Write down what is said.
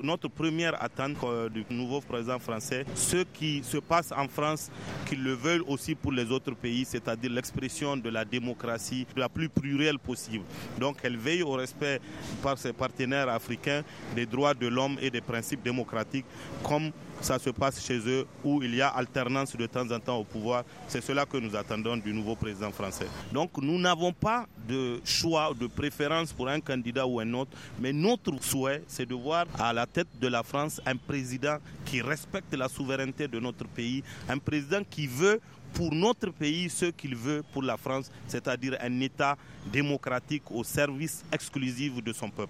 Notre première attente euh, du nouveau président français, ce qui se passe en France, qu'ils le veulent aussi pour les autres pays, c'est-à-dire l'expression de la démocratie la plus plurielle possible. Donc elle veille au respect par ses partenaires africains des droits de l'homme et des principes démocratiques comme ça se passe chez eux où il y a alternance de temps en temps au pouvoir. C'est cela que nous attendons du nouveau président français. Donc nous n'avons pas de choix, de préférence pour un candidat ou un autre, mais notre souhait, c'est de voir à la tête de la France un président qui respecte la souveraineté de notre pays, un président qui veut pour notre pays ce qu'il veut pour la France, c'est-à-dire un État démocratique au service exclusif de son peuple.